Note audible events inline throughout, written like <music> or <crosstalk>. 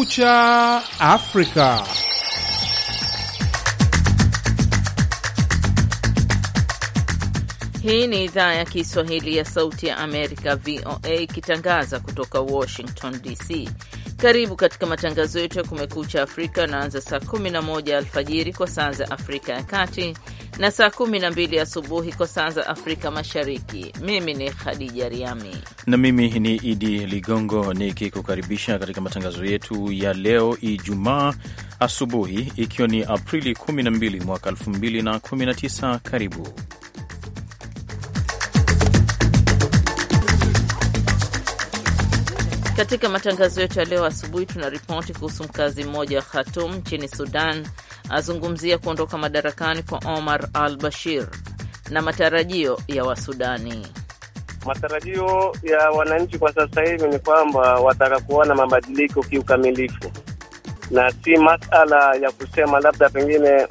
Kucha Afrika. Hii ni idhaa ya Kiswahili ya Sauti ya Amerika, VOA, ikitangaza kutoka Washington DC. Karibu katika matangazo yetu ya Kumekucha Afrika, naanza saa 11 alfajiri kwa saa za Afrika ya Kati na saa kumi na mbili asubuhi kwa saa za Afrika Mashariki. Mimi ni Khadija Riami na mimi ni Idi Ligongo nikikukaribisha katika matangazo yetu ya leo Ijumaa asubuhi, ikiwa ni Aprili 12 mwaka 2019. Karibu Katika matangazo yetu ya leo asubuhi tuna ripoti kuhusu mkazi mmoja wa Khartoum nchini Sudan azungumzia kuondoka madarakani kwa Omar al Bashir na matarajio ya Wasudani. Matarajio ya wananchi kwa sasa hivi ni kwamba wataka kuona mabadiliko kiukamilifu, na si masala ya kusema labda pengine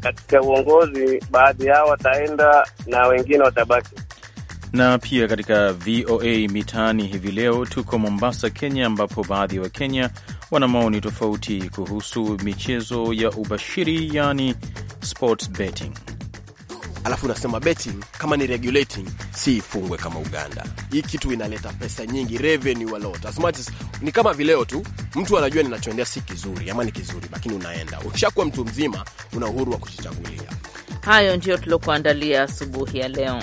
katika uongozi baadhi yao wataenda na wengine watabaki. Na pia katika VOA Mitaani hivi leo tuko Mombasa, Kenya, ambapo baadhi ya Wakenya wana maoni tofauti kuhusu michezo ya ubashiri, yani sports betting. Alafu unasema betting kama ni regulating, si ifungwe kama Uganda. Hii kitu inaleta pesa nyingi, revenue a lot. As much as ni kama vileo tu, mtu anajua ninachoendea si kizuri ama ni kizuri, lakini unaenda. Ukishakuwa mtu mzima, una uhuru wa kujichagulia. Hayo ndio tuliokuandalia asubuhi ya leo.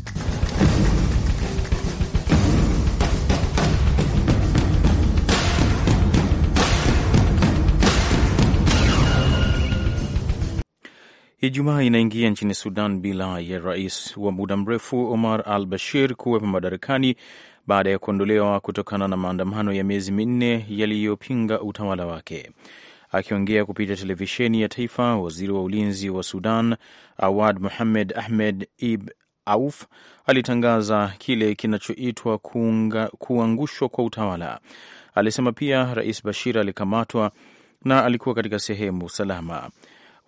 Ijumaa inaingia nchini Sudan bila ya rais wa muda mrefu Omar al Bashir kuwepo madarakani baada ya kuondolewa kutokana na maandamano ya miezi minne yaliyopinga utawala wake. Akiongea kupitia televisheni ya taifa, waziri wa ulinzi wa Sudan Awad Muhamed Ahmed Ib Auf alitangaza kile kinachoitwa kuangushwa kwa utawala. Alisema pia Rais Bashir alikamatwa na alikuwa katika sehemu salama.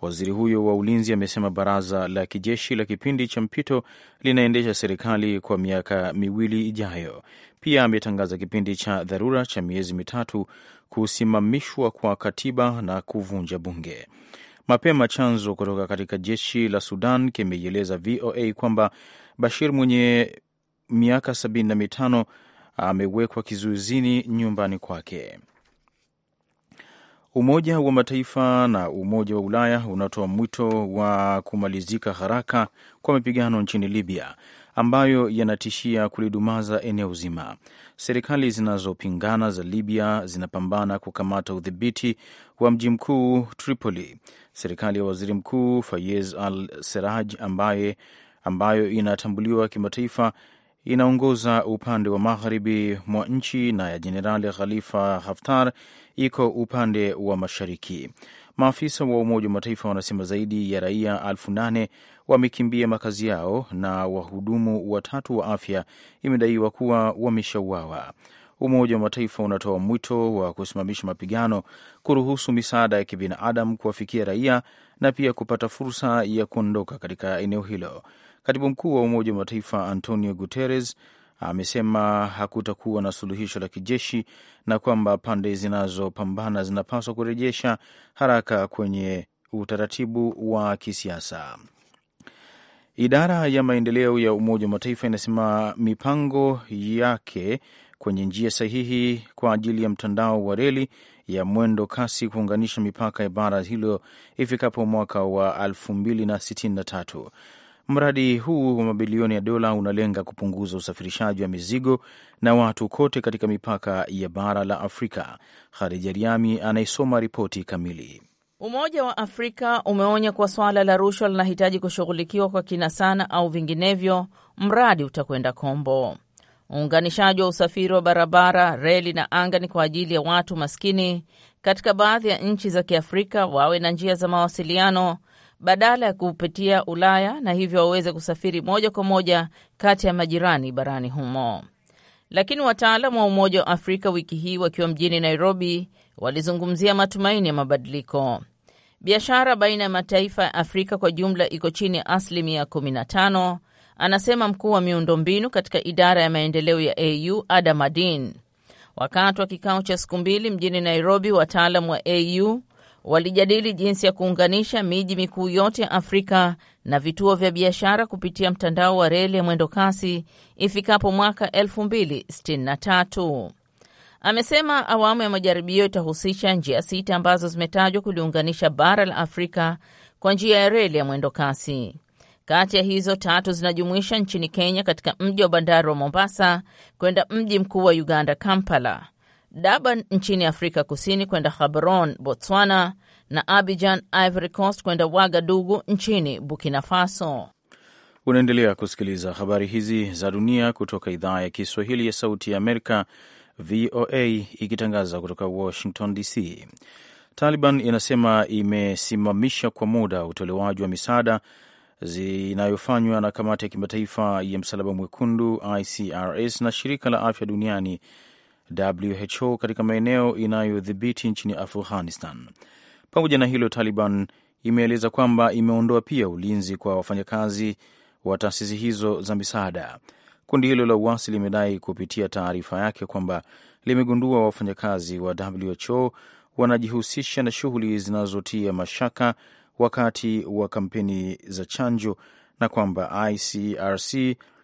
Waziri huyo wa ulinzi amesema baraza la kijeshi la kipindi cha mpito linaendesha serikali kwa miaka miwili ijayo. Pia ametangaza kipindi cha dharura cha miezi mitatu, kusimamishwa kwa katiba na kuvunja bunge. Mapema chanzo kutoka katika jeshi la Sudan kimeieleza VOA kwamba Bashir mwenye miaka sabini na mitano amewekwa kizuizini nyumbani kwake. Umoja wa Mataifa na Umoja wa Ulaya unatoa mwito wa kumalizika haraka kwa mapigano nchini Libya ambayo yanatishia kulidumaza eneo zima. Serikali zinazopingana za Libya zinapambana kukamata udhibiti wa mji mkuu Tripoli. Serikali ya waziri mkuu Fayez al Seraj ambaye ambayo inatambuliwa kimataifa inaongoza upande wa magharibi mwa nchi na ya Jenerali Khalifa Haftar iko upande wa mashariki. Maafisa wa Umoja wa Mataifa wanasema zaidi ya raia elfu nane wamekimbia makazi yao na wahudumu watatu wa afya imedaiwa kuwa wameshauawa. Umoja wa Mataifa unatoa mwito wa kusimamisha mapigano, kuruhusu misaada ya kibinadamu kuwafikia raia na pia kupata fursa ya kuondoka katika eneo hilo. Katibu mkuu wa Umoja wa Mataifa Antonio Guterres amesema hakutakuwa na suluhisho la kijeshi na kwamba pande zinazopambana zinapaswa kurejesha haraka kwenye utaratibu wa kisiasa. Idara ya maendeleo ya Umoja wa Mataifa inasema mipango yake kwenye njia sahihi kwa ajili ya mtandao wa reli ya mwendo kasi kuunganisha mipaka ya bara hilo ifikapo mwaka wa 2063. Mradi huu wa mabilioni ya dola unalenga kupunguza usafirishaji wa mizigo na watu kote katika mipaka ya bara la Afrika. Khadija Riami anayesoma ripoti kamili. Umoja wa Afrika umeonya kuwa swala la rushwa linahitaji kushughulikiwa kwa kina sana, au vinginevyo mradi utakwenda kombo. Uunganishaji wa usafiri wa barabara, reli na anga ni kwa ajili ya watu maskini katika baadhi ya nchi za Kiafrika wawe na njia za mawasiliano badala ya kupitia Ulaya na hivyo waweze kusafiri moja kwa moja kati ya majirani barani humo. Lakini wataalamu wa Umoja wa Afrika wiki hii wakiwa mjini Nairobi walizungumzia matumaini ya mabadiliko. Biashara baina ya mataifa ya Afrika kwa jumla iko chini ya asilimia 15 anasema mkuu wa miundombinu katika idara ya maendeleo ya AU Adam Adin. Wakati wa kikao cha siku mbili mjini Nairobi, wataalam wa AU walijadili jinsi ya kuunganisha miji mikuu yote ya Afrika na vituo vya biashara kupitia mtandao wa reli ya mwendo kasi ifikapo mwaka 2063. Amesema awamu ya majaribio itahusisha njia sita ambazo zimetajwa kuliunganisha bara la Afrika kwa njia ya reli ya mwendo kasi. Kati ya hizo tatu zinajumuisha nchini Kenya, katika mji wa bandari wa Mombasa kwenda mji mkuu wa Uganda, Kampala, Durban nchini Afrika Kusini kwenda Gaborone, Botswana, na Abidjan, Ivory Coast, kwenda Wagadugu nchini Burkina Faso. Unaendelea kusikiliza habari hizi za dunia kutoka idhaa ya Kiswahili ya Sauti ya Amerika, VOA, ikitangaza kutoka Washington DC. Taliban inasema imesimamisha kwa muda utolewaji wa misaada zinayofanywa na kamati ya kimataifa ya msalaba mwekundu ICRC na shirika la afya duniani WHO katika maeneo inayodhibiti nchini Afghanistan. Pamoja na hilo, Taliban imeeleza kwamba imeondoa pia ulinzi kwa wafanyakazi wa taasisi hizo za misaada. Kundi hilo la uasi limedai kupitia taarifa yake kwamba limegundua wafanyakazi wa WHO wanajihusisha na shughuli zinazotia mashaka wakati wa kampeni za chanjo na kwamba ICRC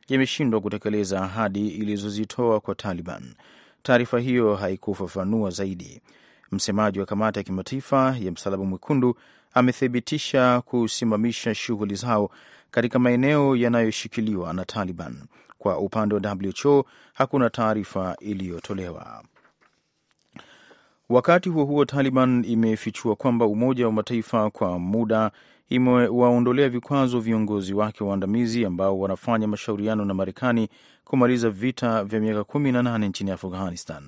imeshindwa kutekeleza ahadi ilizozitoa kwa Taliban. Taarifa hiyo haikufafanua zaidi. Msemaji wa kamati ya kimataifa ya Msalaba Mwekundu amethibitisha kusimamisha shughuli zao katika maeneo yanayoshikiliwa na Taliban. Kwa upande wa WHO hakuna taarifa iliyotolewa. Wakati huo huo, Taliban imefichua kwamba Umoja wa Mataifa kwa muda imewaondolea vikwazo viongozi wake waandamizi ambao wanafanya mashauriano na Marekani kumaliza vita vya miaka kumi na nane nchini Afghanistan.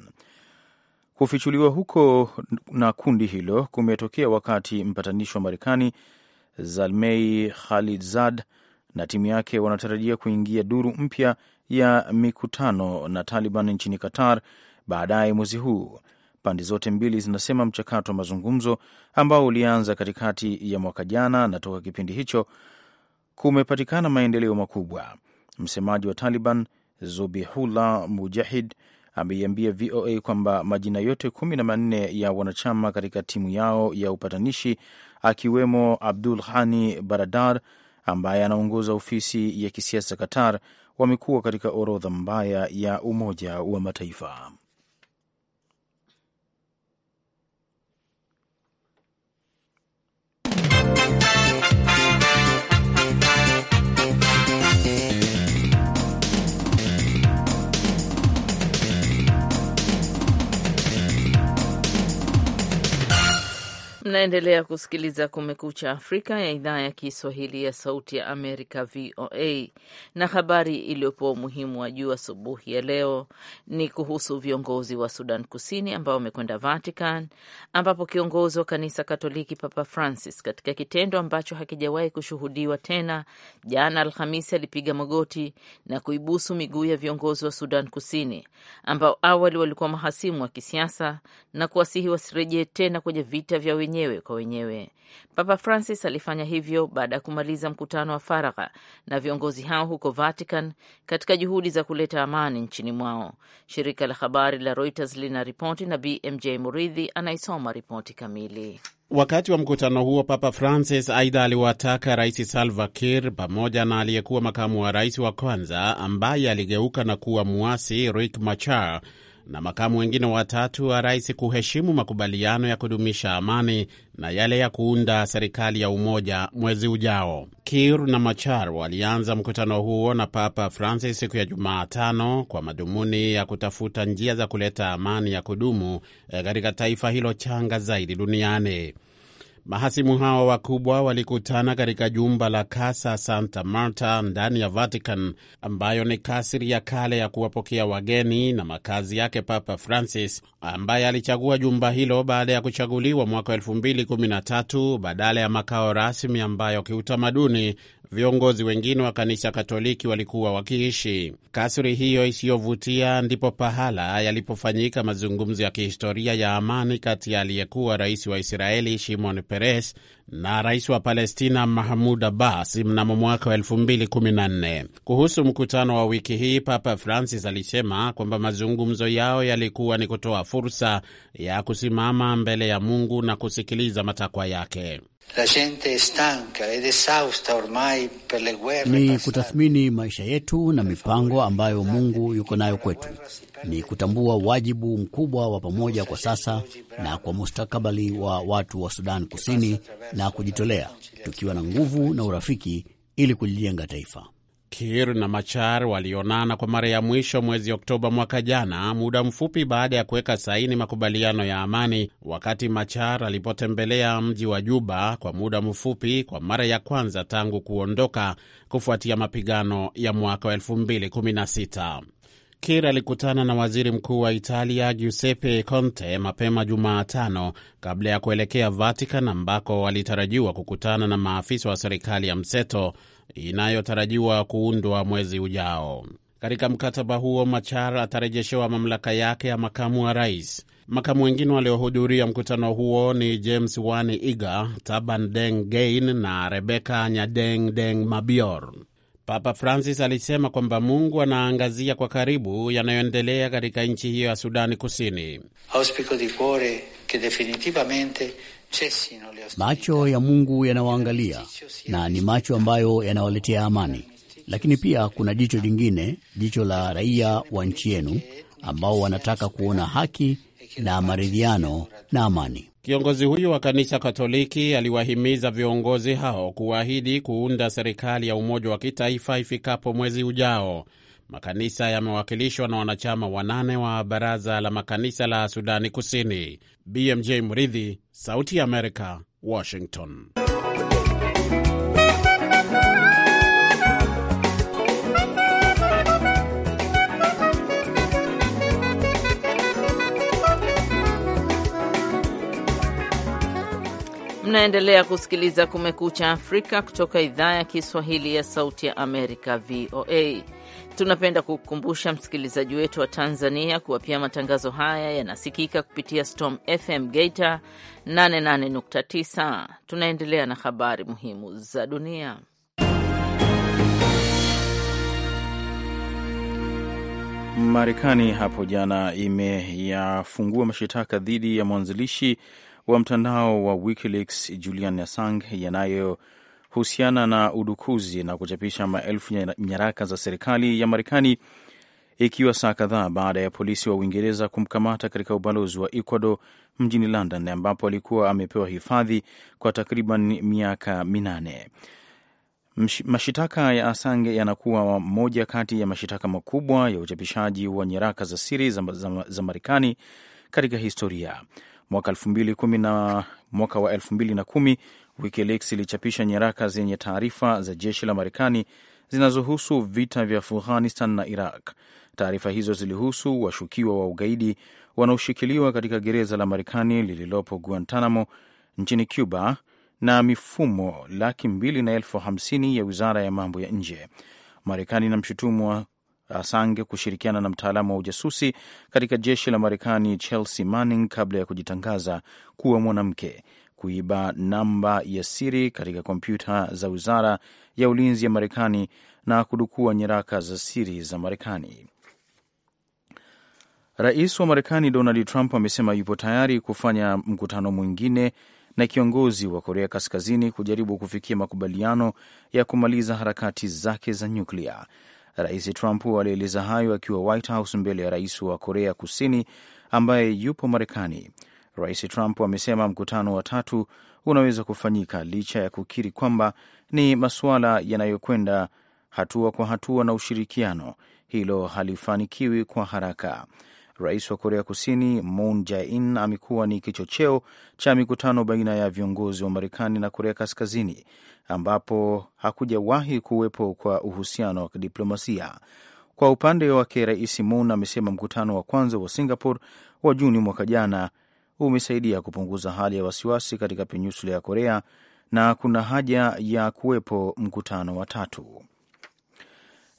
Kufichuliwa huko na kundi hilo kumetokea wakati mpatanishi wa Marekani Zalmei Khalidzad na timu yake wanatarajia kuingia duru mpya ya mikutano na Taliban nchini Qatar baadaye mwezi huu. Pande zote mbili zinasema mchakato wa mazungumzo ambao ulianza katikati ya mwaka jana na toka kipindi hicho kumepatikana maendeleo makubwa. Msemaji wa Taliban Zubihullah Mujahid ameiambia VOA kwamba majina yote kumi na manne ya wanachama katika timu yao ya upatanishi akiwemo Abdul Ghani Baradar ambaye anaongoza ofisi ya kisiasa Qatar wamekuwa katika orodha mbaya ya Umoja wa Mataifa. Mnaendelea kusikiliza Kumekucha Afrika ya idhaa ya Kiswahili ya Sauti ya Amerika, VOA. Na habari iliyopewa umuhimu wa juu asubuhi ya leo ni kuhusu viongozi wa Sudan Kusini ambao wamekwenda Vatican, ambapo kiongozi wa kanisa Katoliki Papa Francis, katika kitendo ambacho hakijawahi kushuhudiwa tena, jana Alhamisi alipiga magoti na kuibusu miguu ya viongozi wa Sudan Kusini ambao awali walikuwa mahasimu wa kisiasa na kuwasihi wasirejee tena kwenye vita vya wenyewe wenyewe kwa wenyewe. Papa Francis alifanya hivyo baada ya kumaliza mkutano wa faragha na viongozi hao huko Vatican katika juhudi za kuleta amani nchini mwao. Shirika la habari la Reuters lina ripoti na BMJ Muridhi anaisoma ripoti kamili. Wakati wa mkutano huo, Papa Francis aidha aliwataka Rais Salva Kiir pamoja na aliyekuwa makamu wa rais wa kwanza ambaye aligeuka na kuwa muasi Riek Machar na makamu wengine watatu wa rais kuheshimu makubaliano ya kudumisha amani na yale ya kuunda serikali ya umoja mwezi ujao. kir na Machar walianza mkutano huo na Papa Francis siku ya Jumatano kwa madhumuni ya kutafuta njia za kuleta amani ya kudumu eh, katika taifa hilo changa zaidi duniani. Mahasimu hao wakubwa walikutana katika jumba la Casa Santa Marta ndani ya Vatican, ambayo ni kasri ya kale ya kuwapokea wageni na makazi yake Papa Francis, ambaye alichagua jumba hilo baada ya kuchaguliwa mwaka 2013 badala ya makao rasmi ambayo kiutamaduni viongozi wengine wa kanisa Katoliki walikuwa wakiishi. Kasri hiyo isiyovutia ndipo pahala yalipofanyika mazungumzo ya kihistoria ya amani kati ya aliyekuwa rais wa Israeli Shimon Peres na rais wa Palestina Mahmud Abbas mnamo mwaka wa nne. Kuhusu mkutano wa wiki hii, Papa Francis alisema kwamba mazungumzo yao yalikuwa ni kutoa fursa ya kusimama mbele ya Mungu na kusikiliza matakwa yake. Ni kutathmini maisha yetu na mipango ambayo Mungu yuko nayo kwetu. Ni kutambua wajibu mkubwa wa pamoja kwa sasa na kwa mustakabali wa watu wa Sudan Kusini na kujitolea tukiwa na nguvu na urafiki ili kulijenga taifa kir na Machar walionana kwa mara ya mwisho mwezi Oktoba mwaka jana, muda mfupi baada ya kuweka saini makubaliano ya amani, wakati Machar alipotembelea mji wa Juba kwa muda mfupi kwa mara ya kwanza tangu kuondoka kufuatia mapigano ya mwaka wa 2016. kir alikutana na waziri mkuu wa Italia Giuseppe Conte mapema Jumatano kabla ya kuelekea Vatican ambako walitarajiwa kukutana na maafisa wa serikali ya mseto inayotarajiwa kuundwa mwezi ujao. Katika mkataba huo, Machar atarejeshewa mamlaka yake ya makamu wa rais. Makamu wengine waliohudhuria mkutano huo ni James Wani Iga, Taban Deng Gein na Rebeka Nyadeng Deng Mabior. Papa Francis alisema kwamba Mungu anaangazia kwa karibu yanayoendelea katika nchi hiyo ya Sudani Kusini. auspico di cuore che definitivamente Macho ya Mungu yanawaangalia na ni macho ambayo yanawaletea amani, lakini pia kuna jicho jingine, jicho la raia wa nchi yenu ambao wanataka kuona haki na maridhiano na amani. Kiongozi huyu wa kanisa Katoliki aliwahimiza viongozi hao kuahidi kuunda serikali ya umoja wa kitaifa ifikapo mwezi ujao. Makanisa yamewakilishwa na wanachama wanane wa baraza la makanisa la Sudani Kusini. BMJ Mridhi, Sauti ya Amerika, Washington. Mnaendelea kusikiliza Kumekucha Afrika kutoka idhaa ya Kiswahili ya Sauti ya Amerika, VOA. Tunapenda kukumbusha msikilizaji wetu wa Tanzania kuwa pia matangazo haya yanasikika kupitia Storm FM Geita 88.9. Tunaendelea na habari muhimu za dunia. Marekani hapo jana imeyafungua mashitaka dhidi ya mwanzilishi wa mtandao wa WikiLeaks Julian Assange yanayo kuhusiana na udukuzi na kuchapisha maelfu ya nyaraka za serikali ya Marekani, ikiwa saa kadhaa baada ya polisi wa Uingereza kumkamata katika ubalozi wa Ecuador mjini London, ambapo alikuwa amepewa hifadhi kwa takriban miaka minane. Mashitaka ya Assange yanakuwa moja kati ya mashitaka makubwa ya uchapishaji wa nyaraka za siri za, za, za Marekani katika historia. Mwaka, elfu mbili kumi na, mwaka wa elfu mbili na kumi WikiLeaks ilichapisha nyaraka zenye taarifa za jeshi la Marekani zinazohusu vita vya Afghanistan na Iraq. Taarifa hizo zilihusu washukiwa wa ugaidi wanaoshikiliwa katika gereza la Marekani lililopo Guantanamo nchini Cuba na mifumo laki mbili na elfu hamsini ya wizara ya mambo ya nje. Marekani inamshutumu Asange kushirikiana na mtaalamu wa ujasusi katika jeshi la Marekani Chelsea Manning kabla ya kujitangaza kuwa mwanamke kuiba namba ya siri katika kompyuta za wizara ya ulinzi ya Marekani na kudukua nyaraka za siri za Marekani. Rais wa Marekani Donald Trump amesema yupo tayari kufanya mkutano mwingine na kiongozi wa Korea Kaskazini kujaribu kufikia makubaliano ya kumaliza harakati zake za nyuklia. Rais Trump alieleza hayo akiwa White House mbele ya rais wa Korea Kusini ambaye yupo Marekani. Rais Trump amesema mkutano wa tatu unaweza kufanyika licha ya kukiri kwamba ni masuala yanayokwenda hatua kwa hatua na ushirikiano, hilo halifanikiwi kwa haraka. Rais wa Korea Kusini Moon Jae-in amekuwa ni kichocheo cha mikutano baina ya viongozi wa Marekani na Korea Kaskazini, ambapo hakujawahi kuwepo kwa uhusiano wa kidiplomasia. Kwa upande wake, Rais Moon amesema mkutano wa kwanza wa Singapore wa Juni mwaka jana umesaidia kupunguza hali ya wasiwasi katika peninsula ya Korea na kuna haja ya kuwepo mkutano wa tatu.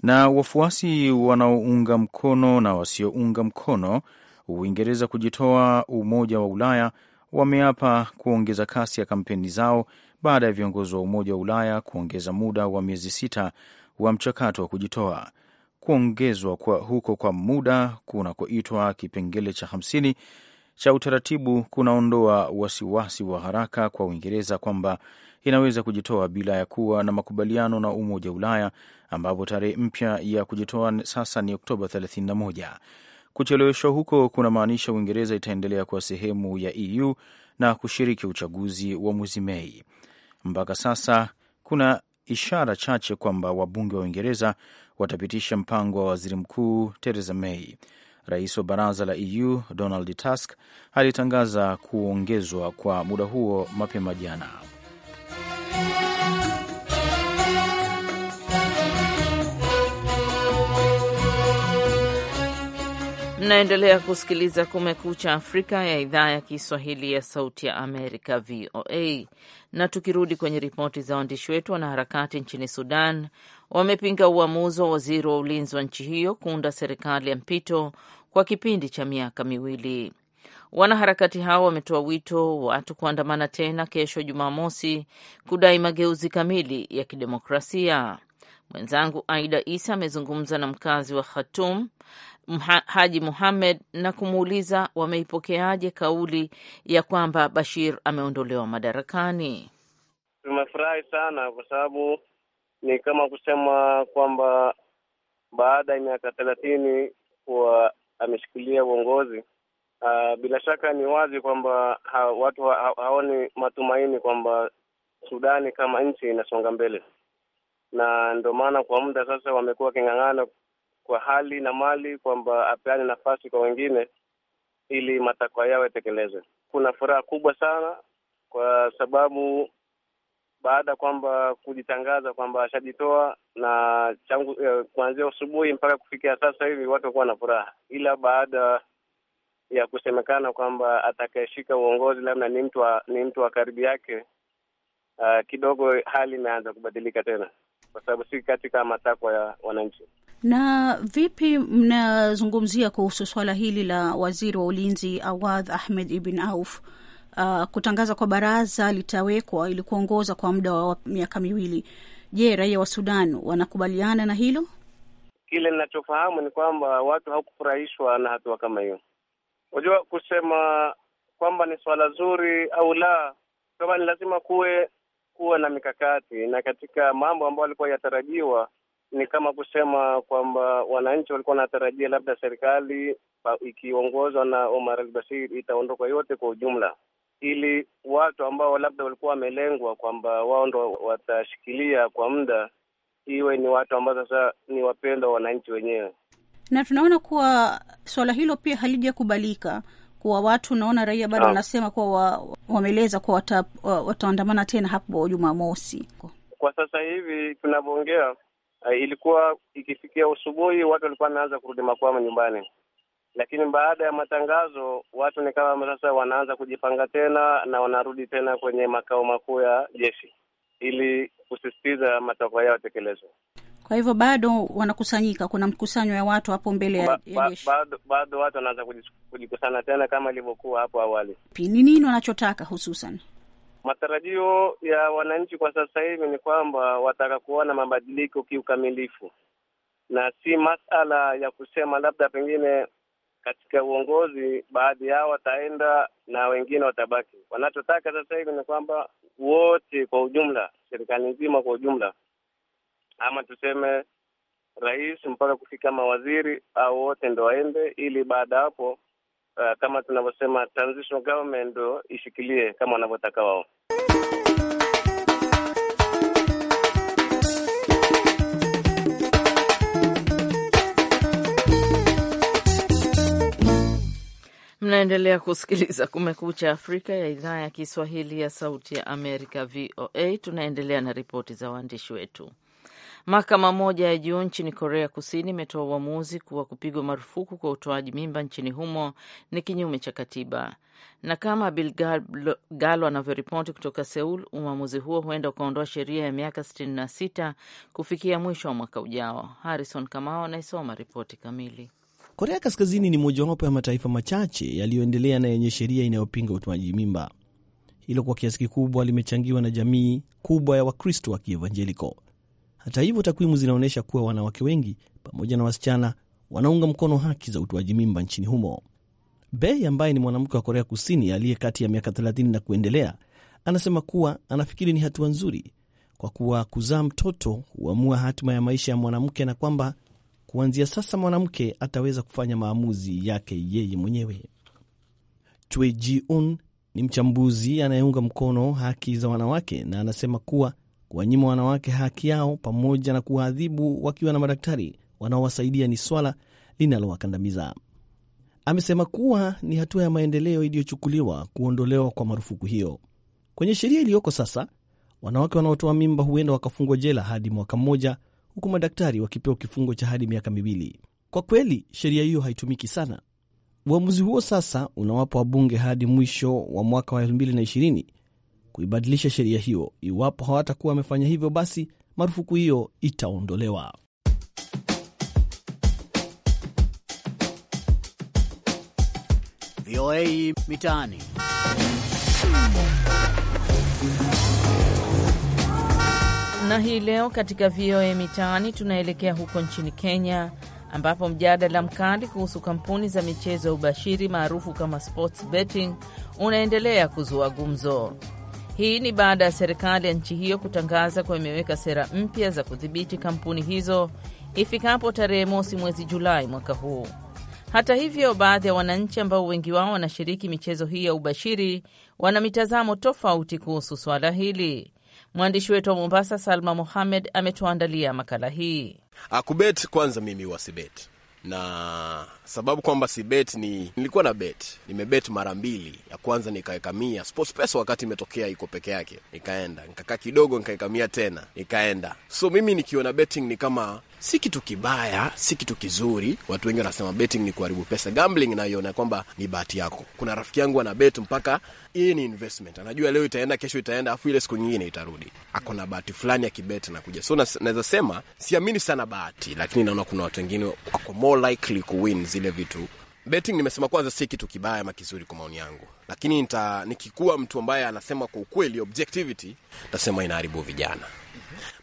Na wafuasi wanaounga mkono na wasiounga mkono Uingereza kujitoa Umoja wa Ulaya wameapa kuongeza kasi ya kampeni zao baada ya viongozi wa Umoja wa Ulaya kuongeza muda wa miezi sita wa mchakato wa kujitoa. Kuongezwa kwa huko kwa muda kunakoitwa kipengele cha hamsini cha utaratibu kunaondoa wasiwasi wa haraka kwa Uingereza kwamba inaweza kujitoa bila ya kuwa na makubaliano na Umoja wa Ulaya, ambapo tarehe mpya ya kujitoa sasa ni Oktoba 31. Kucheleweshwa huko kunamaanisha Uingereza itaendelea kuwa sehemu ya EU na kushiriki uchaguzi wa mwezi Mei. Mpaka sasa kuna ishara chache kwamba wabunge wa Uingereza watapitisha mpango wa waziri mkuu Theresa May Rais wa baraza la EU Donald Tusk alitangaza kuongezwa kwa muda huo mapema jana. Mnaendelea kusikiliza Kumekucha Afrika ya idhaa ya Kiswahili ya Sauti ya Amerika, VOA. Na tukirudi kwenye ripoti za waandishi wetu, wanaharakati nchini Sudan wamepinga uamuzi wa waziri wa ulinzi wa nchi hiyo kuunda serikali ya mpito kwa kipindi cha miaka miwili. Wanaharakati hao wametoa wito watu kuandamana tena kesho Jumamosi kudai mageuzi kamili ya kidemokrasia. Mwenzangu Aida Isa amezungumza na mkazi wa Khartoum Haji Muhamed na kumuuliza wameipokeaje kauli ya kwamba Bashir ameondolewa madarakani. Tumefurahi sana kwa sababu ni kama kusema kwamba baada ya miaka thelathini kuwa ameshikilia uongozi uh, bila shaka ni wazi kwamba ha, watu ha, haoni matumaini kwamba Sudani kama nchi inasonga mbele, na ndio maana kwa muda sasa wamekuwa waking'ang'ana kwa hali na mali, kwamba apeane nafasi kwa wengine ili matakwa yao yatekelezwe. Kuna furaha kubwa sana kwa sababu baada ya kwamba kujitangaza kwamba ashajitoa na changu eh, kuanzia asubuhi mpaka kufikia sasa hivi watu wakuwa na furaha, ila baada ya kusemekana kwamba atakayeshika uongozi labda ni mtu ni mtu wa karibu yake, uh, kidogo hali imeanza kubadilika tena, kwa sababu si katika matakwa ya wananchi. Na vipi mnazungumzia kuhusu swala hili la waziri wa ulinzi Awadh Ahmed Ibn Auf uh, kutangaza kwa baraza litawekwa ili kuongoza kwa muda wa miaka miwili? Je, raia wa Sudan wanakubaliana na hilo? Kile ninachofahamu ni kwamba watu hawakufurahishwa na hatua kama hiyo. Unajua, kusema kwamba ni swala zuri au la, kama ni lazima kuwe kuwa na mikakati, na katika mambo ambayo alikuwa yatarajiwa ni kama kusema kwamba wananchi walikuwa wanatarajia labda serikali ikiongozwa na Omar al-Bashir itaondoka yote kwa ujumla, ili watu ambao labda walikuwa wamelengwa kwamba wao ndo watashikilia kwa muda, iwe ni watu ambao sasa ni wapendwa wananchi wenyewe. Na tunaona kuwa suala hilo pia halijakubalika kuwa watu naona raia bado wanasema kuwa wa, wameeleza kuwa wata, wataandamana tena hapo Jumamosi. Kwa sasa hivi tunavyoongea uh, ilikuwa ikifikia usubuhi watu walikuwa wanaanza kurudi makwama nyumbani, lakini baada ya matangazo watu ni kama sasa wanaanza kujipanga tena na wanarudi tena kwenye makao makuu ya jeshi ili kusisitiza matakwa yao tekelezwe. Kwa hivyo bado wanakusanyika, kuna mkusanyo ya watu hapo mbele ya jeshi ba, bado, bado watu wanaanza kujikusana tena kama ilivyokuwa hapo awali. Ni nini wanachotaka hususan? Matarajio ya wananchi kwa sasa hivi ni kwamba wataka kuona mabadiliko kiukamilifu, na si masala ya kusema labda pengine katika uongozi baadhi yao wataenda na wengine watabaki. Wanachotaka sasa hivi ni kwamba wote kwa ujumla, serikali nzima kwa ujumla, ama tuseme rais mpaka kufika mawaziri, au wote ndo waende, ili baada ya hapo uh, kama tunavyosema transitional government ndo ishikilie kama wanavyotaka wao. Mnaendelea kusikiliza Kumekucha Afrika ya idhaa ya Kiswahili ya Sauti ya Amerika, VOA. Tunaendelea na ripoti za waandishi wetu. Mahakama moja ya juu nchini Korea Kusini imetoa uamuzi kuwa kupigwa marufuku kwa utoaji mimba nchini humo ni kinyume cha katiba, na kama Bill Galo anavyoripoti kutoka Seul, uamuzi huo huenda ukaondoa sheria ya miaka 66 kufikia mwisho wa mwaka ujao. Harrison Kamao anaisoma ripoti kamili. Korea Kaskazini ni mojawapo ya mataifa machache yaliyoendelea na yenye sheria inayopinga utoaji mimba. Hilo kwa kiasi kikubwa limechangiwa na jamii kubwa ya Wakristo wa Kievanjeliko hata hivyo, takwimu zinaonyesha kuwa wanawake wengi pamoja na wasichana wanaunga mkono haki za utoaji mimba nchini humo. Bei ambaye ni mwanamke wa Korea Kusini aliye kati ya miaka 30 na kuendelea, anasema kuwa anafikiri ni hatua nzuri kwa kuwa kuzaa mtoto huamua hatima ya maisha ya mwanamke na kwamba kuanzia sasa mwanamke ataweza kufanya maamuzi yake yeye mwenyewe. Chwe ni mchambuzi anayeunga mkono haki za wanawake na anasema kuwa kuwanyima wanawake haki yao pamoja na kuwaadhibu wakiwa na madaktari wanaowasaidia ni swala linalowakandamiza. Amesema kuwa ni hatua ya maendeleo iliyochukuliwa kuondolewa kwa marufuku hiyo kwenye sheria iliyoko sasa. Wanawake wanaotoa mimba huenda wakafungwa jela hadi mwaka mmoja, huku madaktari wakipewa kifungo cha hadi miaka miwili. Kwa kweli sheria hiyo haitumiki sana. Uamuzi huo sasa unawapa wabunge hadi mwisho wa mwaka wa kuibadilisha sheria hiyo. Iwapo hawatakuwa wamefanya hivyo, basi marufuku hiyo itaondolewa. VOA Mitaani. Na hii leo katika VOA Mitaani tunaelekea huko nchini Kenya ambapo mjadala mkali kuhusu kampuni za michezo ya ubashiri maarufu kama sports betting unaendelea kuzua gumzo. Hii ni baada ya serikali ya nchi hiyo kutangaza kuwa imeweka sera mpya za kudhibiti kampuni hizo ifikapo tarehe mosi mwezi Julai mwaka huu. Hata hivyo, baadhi ya wananchi ambao wengi wao wanashiriki michezo hii ya ubashiri wana mitazamo tofauti kuhusu swala hili. Mwandishi wetu wa Mombasa, Salma Mohamed, ametuandalia makala hii. Akubet kwanza, mimi wasibet na sababu kwamba si bet ni nilikuwa na bet, nimebet mara mbili. Ya kwanza nikaweka mia pesa wakati imetokea iko peke yake, nikaenda nikakaa kidogo, nikaweka mia tena, nikaenda. So mimi nikiona betting ni kama si kitu kibaya, si kitu kizuri. Watu wengi wanasema betting ni kuharibu pesa, gambling naiona kwamba ni bahati yako. Kuna rafiki yangu ana bet mpaka hii ni investment, anajua leo itaenda, kesho itaenda, afu ile siku nyingine itarudi. Ako na bahati fulani akibet na kuja. So naweza sema siamini sana bahati, lakini naona kuna watu wengine wako more likely kuwin zile vitu Betting nimesema kwanza, si kitu kibaya ama kizuri kwa maoni yangu, lakini nita, nikikuwa mtu ambaye anasema kwa ukweli, objectivity, nasema inaharibu vijana,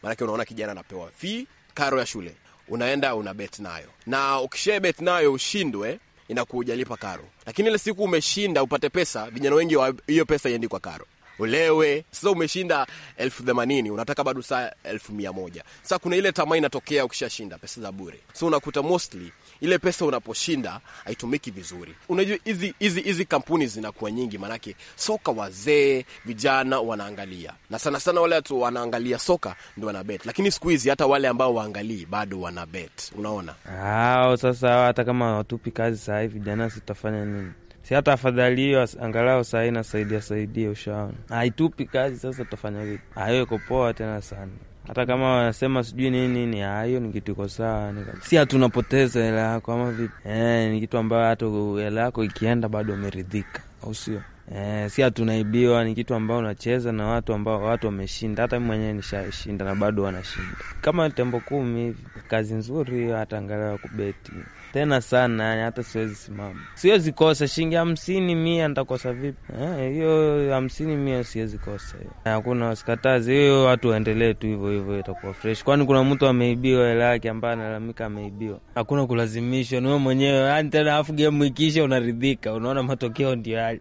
maanake unaona kijana anapewa fee karo ya shule, unaenda una bet nayo, na ukisha bet nayo ushindwe inakujalipa karo, lakini ile siku umeshinda upate pesa, vijana wengi hiyo pesa iendi kwa karo ulewe. Sasa umeshinda elfu themanini unataka bado saa elfu mia moja Sasa kuna ile tamaa inatokea ukishashinda pesa za bure, so unakuta mostly ile pesa unaposhinda haitumiki vizuri. Unajua hizi hizi hizi kampuni zinakuwa nyingi, manake soka wazee, vijana wanaangalia, na sana sana wale watu wanaangalia soka ndio wana lakini siku hizi hata wale ambao waangalii bado wana Unaona hao sasa, hata kama watupi kazi saa hii vijana, sitafanya nini? Si hata afadhali hiyo angalau saa hii nasaidia saidia, ushaona haitupi kazi. Sasa tutafanya vipi? Hayo iko poa tena sana hata kama wanasema sijui nini ni hiyo ni kitu iko sawa, si hatunapoteza hela yako ama vipi? Eh, ni kitu ambayo hata hela yako ikienda bado umeridhika, au sio? Eh, si hatunaibiwa, ni kitu ambao unacheza na watu ambao watu wameshinda. Hata mi mwenyewe nishashinda na bado wanashinda kama tembo kumi hivi. Kazi nzuri hata angalau kubeti tena sana, yani hata siwezi simama, siwezi kosa shilingi hamsini mia, nitakosa vipi eh, hiyo? Eh, hamsini mia siwezi kosa hiyo, hakuna wasikatazi hiyo, watu waendelee tu hivyo hivyo, itakuwa fresh. Kwani kuna mtu ameibiwa hela yake ambaye analalamika ameibiwa? Hakuna kulazimishwa, ni wewe mwenyewe yani. Tena afu gemu ikisha unaridhika, unaona matokeo ndio hali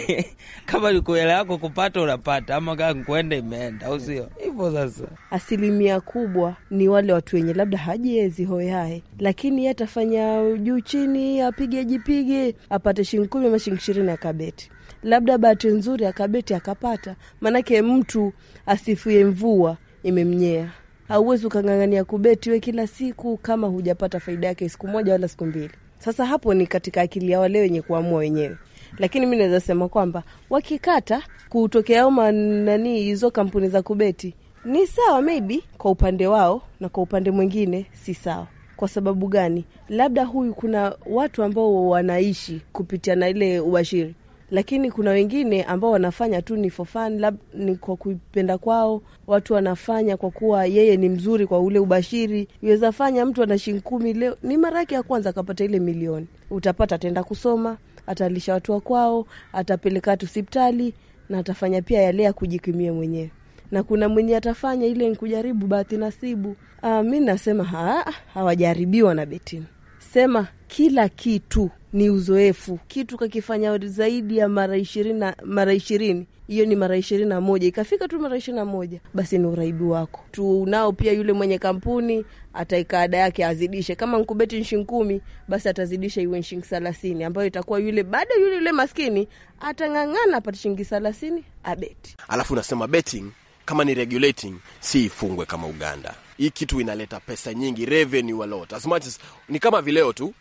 <laughs> kama liko hela yako kupata unapata, ama kama kwenda imeenda, au sio hivyo? Sasa asilimia kubwa ni wale watu wenye labda hajiezi hoyae, lakini yatafanya ya juu chini, apige jipige, apate shilingi kumi ama shilingi ishirini akabeti. Labda bahati nzuri akabeti akapata. Maanake mtu asifue mvua imemnyea. Hauwezi ukang'ang'ania kubeti we kila siku kama hujapata faida yake siku moja wala siku mbili. Sasa hapo ni katika akili ya wale wenye kuamua wenyewe, lakini mi naweza sema kwamba wakikata kutokea manani hizo kampuni za kubeti ni sawa, maybe kwa upande wao, na kwa upande mwingine si sawa. Kwa sababu gani? Labda huyu, kuna watu ambao wanaishi kupitia na ile ubashiri, lakini kuna wengine ambao wanafanya tu ni for fun, ni kwa kuipenda kwao. Watu wanafanya kwa kuwa yeye ni mzuri kwa ule ubashiri. Iweza fanya mtu ana shilingi kumi leo, ni mara yake ya kwanza akapata ile milioni, utapata ataenda kusoma, atalisha watu wa kwao, atapeleka hospitali na atafanya pia yale ya kujikimia mwenyewe na kuna mwenye atafanya ile nkujaribu bahati nasibu. Ah, mi nasema ha, hawajaribiwa na Betini. Sema kila kitu ni uzoefu. Kitu kakifanya zaidi ya mara ishirini mara ishirini hiyo ni mara ishirini na moja ikafika tu mara ishirini na moja basi ni uraibu wako. Tunao pia yule mwenye kampuni ataika ada yake azidishe, kama nkubeti nshingi kumi basi atazidisha iwe nshingi thalathini ambayo itakuwa yule bado yule yule maskini atang'ang'ana apate shingi thalathini abeti. Alafu unasema betting kama ni regulating, si ifungwe kama Uganda. Hii kitu inaleta pesa nyingi, revenue a lot as much as, ni kama vileo tu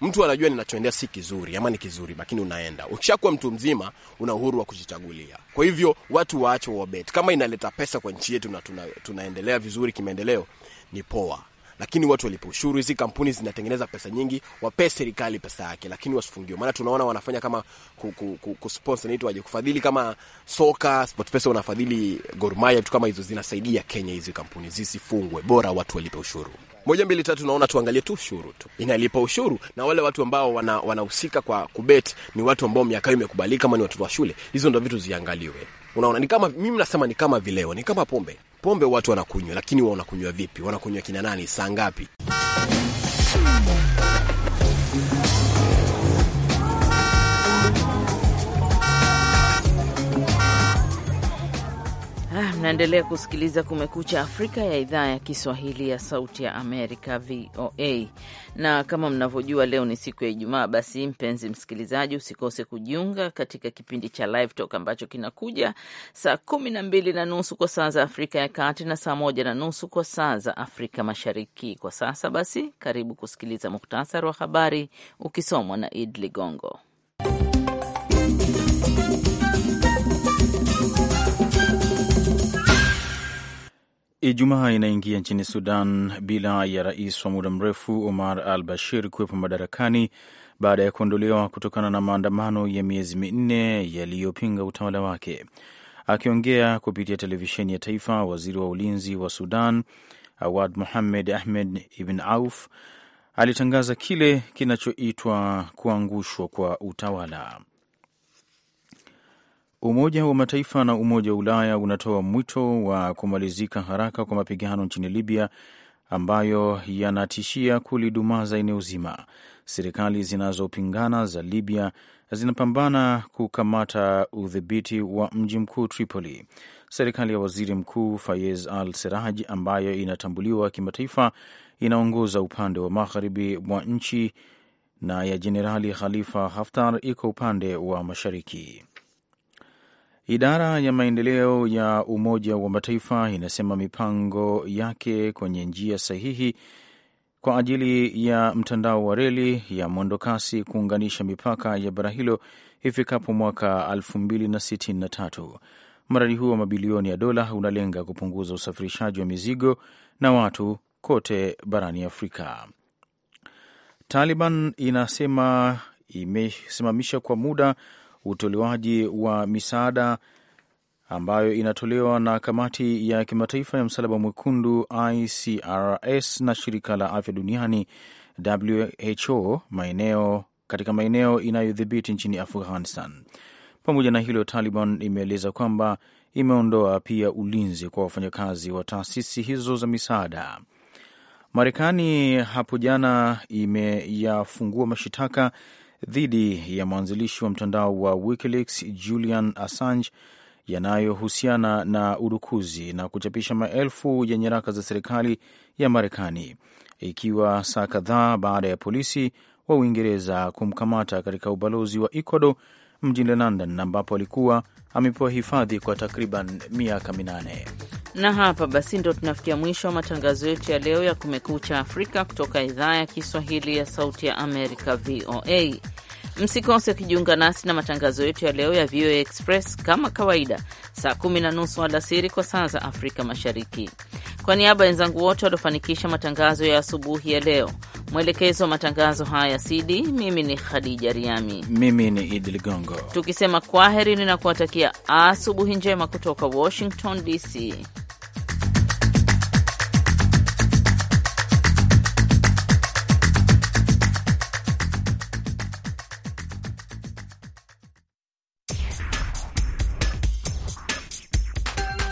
mtu anajua ninachoendea si kizuri ama ni kizuri, lakini unaenda. Ukishakuwa mtu mzima, una uhuru wa kujichagulia. Kwa hivyo watu waache wabet, kama inaleta pesa kwa nchi yetu na tuna, tunaendelea vizuri kimaendeleo, ni poa lakini watu walipe ushuru. Hizi kampuni zinatengeneza pesa nyingi, wape serikali pesa yake, lakini wasifungiwe. Maana tunaona wanafanya kama kusponsor nitu waje kufadhili kama soka, SportPesa unafadhili Gor Mahia, vitu kama hizo zinasaidia Kenya. Hizi kampuni zisifungwe, bora watu walipe ushuru. Moja, mbili, tatu, naona tuangalie tu ushuru tu, inalipa ushuru. Na wale watu ambao wanahusika wana kwa kubet ni watu ambao miaka hiyo imekubalika, ama ni watoto wa shule. Hizo ndo vitu ziangaliwe. Unaona, ni kama mimi nasema, ni kama vileo, ni kama pombe pombe watu wanakunywa, lakini wanakunywa vipi? Wanakunywa kina nani? Saa ngapi? Naendelea kusikiliza Kumekucha Afrika ya idhaa ya Kiswahili ya Sauti ya Amerika, VOA. Na kama mnavyojua, leo ni siku ya Ijumaa. Basi mpenzi msikilizaji, usikose kujiunga katika kipindi cha Live Talk ambacho kinakuja saa kumi na mbili na nusu kwa saa za Afrika ya Kati na saa moja na nusu kwa saa za Afrika Mashariki. Kwa sasa basi, karibu kusikiliza muhtasari wa habari ukisomwa na Id Ligongo. Ijumaa inaingia nchini Sudan bila ya rais wa muda mrefu Omar al Bashir kuwepo madarakani baada ya kuondolewa kutokana na maandamano ya miezi minne yaliyopinga utawala wake. Akiongea kupitia televisheni ya taifa, waziri wa ulinzi wa Sudan Awad muhamed Ahmed Ibn Auf alitangaza kile kinachoitwa kuangushwa kwa utawala. Umoja wa Mataifa na Umoja wa Ulaya unatoa mwito wa kumalizika haraka kwa mapigano nchini Libya ambayo yanatishia kulidumaza eneo zima. Serikali zinazopingana za Libya zinapambana kukamata udhibiti wa mji mkuu Tripoli. Serikali ya waziri mkuu Fayez al Seraj, ambayo inatambuliwa kimataifa, inaongoza upande wa magharibi mwa nchi na ya Jenerali Khalifa Haftar iko upande wa mashariki. Idara ya maendeleo ya Umoja wa Mataifa inasema mipango yake kwenye njia sahihi kwa ajili ya mtandao wa reli ya mwendokasi kuunganisha mipaka ya bara hilo ifikapo mwaka 2063. Mradi huo wa mabilioni ya dola unalenga kupunguza usafirishaji wa mizigo na watu kote barani Afrika. Taliban inasema imesimamisha kwa muda utolewaji wa misaada ambayo inatolewa na Kamati ya Kimataifa ya Msalaba Mwekundu ICRC na Shirika la Afya Duniani WHO maeneo katika maeneo inayodhibiti nchini Afghanistan. Pamoja na hilo, Taliban imeeleza kwamba imeondoa pia ulinzi kwa wafanyakazi wa taasisi hizo za misaada. Marekani hapo jana imeyafungua mashitaka dhidi ya mwanzilishi wa mtandao wa WikiLeaks Julian Assange yanayohusiana na udukuzi na kuchapisha maelfu ya nyaraka za serikali ya Marekani, ikiwa saa kadhaa baada ya polisi wa Uingereza kumkamata katika ubalozi wa Ecuador mjini London ambapo alikuwa amepewa hifadhi kwa takriban miaka minane. Na hapa basi ndo tunafikia mwisho wa matangazo yetu ya leo ya Kumekucha Afrika kutoka idhaa ya Kiswahili ya Sauti ya Amerika, VOA. Msikose kujiunga nasi na matangazo yetu ya leo ya VOA Express kama kawaida, saa kumi na nusu alasiri kwa saa za Afrika Mashariki. Kwa niaba ya wenzangu wote waliofanikisha matangazo ya asubuhi ya leo, mwelekezo wa matangazo haya CD, mimi ni Khadija Riami, mimi ni Idi Ligongo, tukisema kwaheri ninakuwatakia asubuhi njema kutoka Washington DC.